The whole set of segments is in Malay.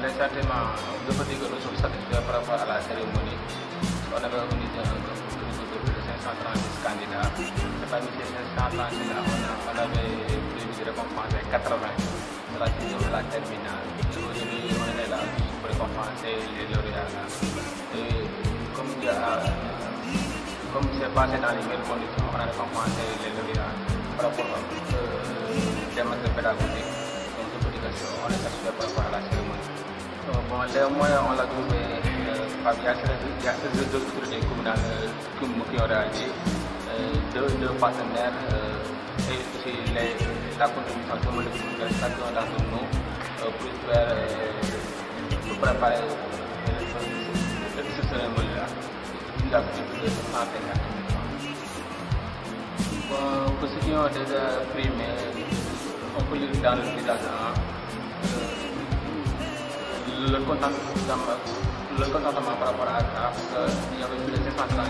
dan saya terima untuk berdikut untuk sesuatu yang juga para alat seremoni sebab ada berbunyi untuk berdikut-dikut saya sangat terang di Skandina tetapi misalnya saya sangat terang di Skandina pada berdikut-dikut saya kompon saya katerang telah tidur di lantai terminal jadi ini mana lah berkompon saya di luar sana jadi kemudian kemudian saya pasal dari email kondisi mana kompon saya di luar sana berapa jaman saya pedagogik untuk berdikut-dikut oleh saya sudah berapa alat Saya mai orang lagu me Pak biasa biasa tu tu tu ni aku nak aku mungkin orang ni de de partner eh si le takut tu satu boleh kita satu orang tu no prepare prepare sesuatu yang boleh tidak kita apa yang Khususnya ada frame, aku juga download di sana. lulus kon tak sama lulus kon tak sama para para ada ni apa sudah saya fakta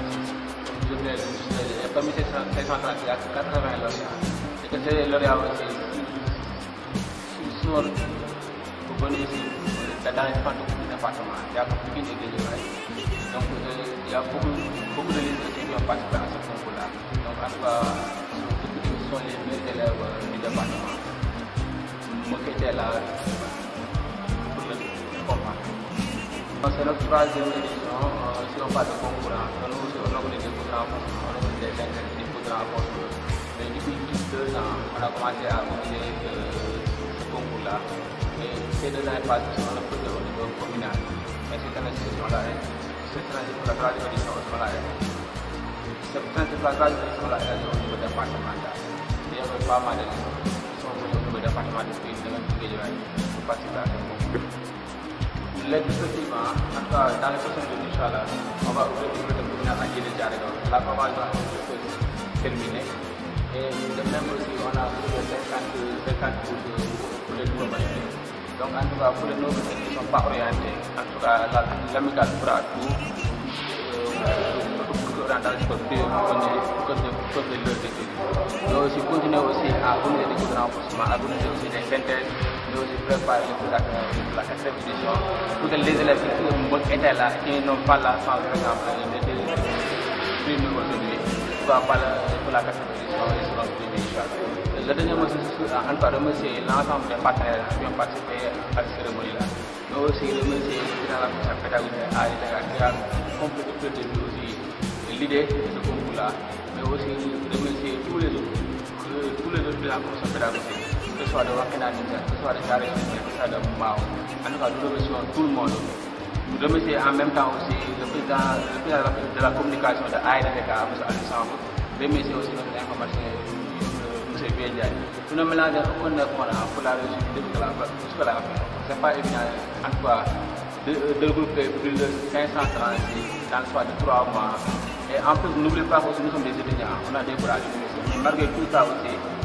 itu dia itu dia apa mesti saya saya fakta dia kata saya lori ya itu saya lori apa sih susun bukan isi datang itu pandu punya fakta mah dia apa mungkin dia dia lagi yang tu dia buku buku dari itu dia buat pasti pernah sesuatu pula yang apa susun yang dia lewat dia dapat mah mungkin dia lah Masalah uh, tu kan, kan dia mesti dia siapa pun tak boleh pura. Lah, kalau siapa nak beli dia pura, kalau beli dia jangan beli dia pura pun. Jadi tu itu Kalau kau macam dia, kau beli dia pun pura. Kedua ni pasti semua pun dia beli dia pun mina. Esok nanti dia semua lah. Esok nanti pura pura dia beli semua semua lah. Esok nanti pura pura dia semua lah. Dia tu dia dapat sama ada. Dia berapa mana? Semua pun dia dapat sama ada. Dengan tiga jalan, pasti dah. Let's see dans les prochaines jours, Inch'Allah, on va ouvrir le de Bougnat à guinée Jarego. La campagne va être terminée. Et de même aussi, on a trouvé 50 jours de poulet de l'Ombre. Donc, en tout cas, pour les nôtres qui ne sont pas orientés, en tout cas, l'amical fera tout. Pour que l'on dans le pays, on connaît le code de l'Ombre. Nous aussi, continuez aussi à abonner les grands poussements, abonner aussi les synthèses vidéos, je prépare les plaques, la quatrième édition. Pour que les élèves qui étaient là, qui n'ont pas la chance, par exemple, ils étaient venus aujourd'hui, soient pas là pour la quatrième édition, ils seront venus ici. Le dernier mot, c'est encore remercier l'ensemble des partenaires qui ont participé à cette cérémonie-là. Mais aussi remercier la fonction pédagogique à l'État, qui a compris tout le début aussi l'idée de ce concours-là. Mais aussi remercier tous les autres, tous les autres de la fonction pédagogique que soit de recognition, que ce soit de charité, que ce soit de mao. En tout cas, nous remercions tout le monde. Nous remercions en même temps aussi le président, le président de la communication de AIDADK, M. Alexandre. Remercier aussi notre informatique, M. Béliade. Nous nous mélangeons au point de vue pour la région de la Ce n'est pas évident, en tout cas, de, de plus de 536 dans le de trois mois. Et en plus, n'oubliez pas que nous sommes des étudiants, on a des courageux. Malgré tout ça aussi,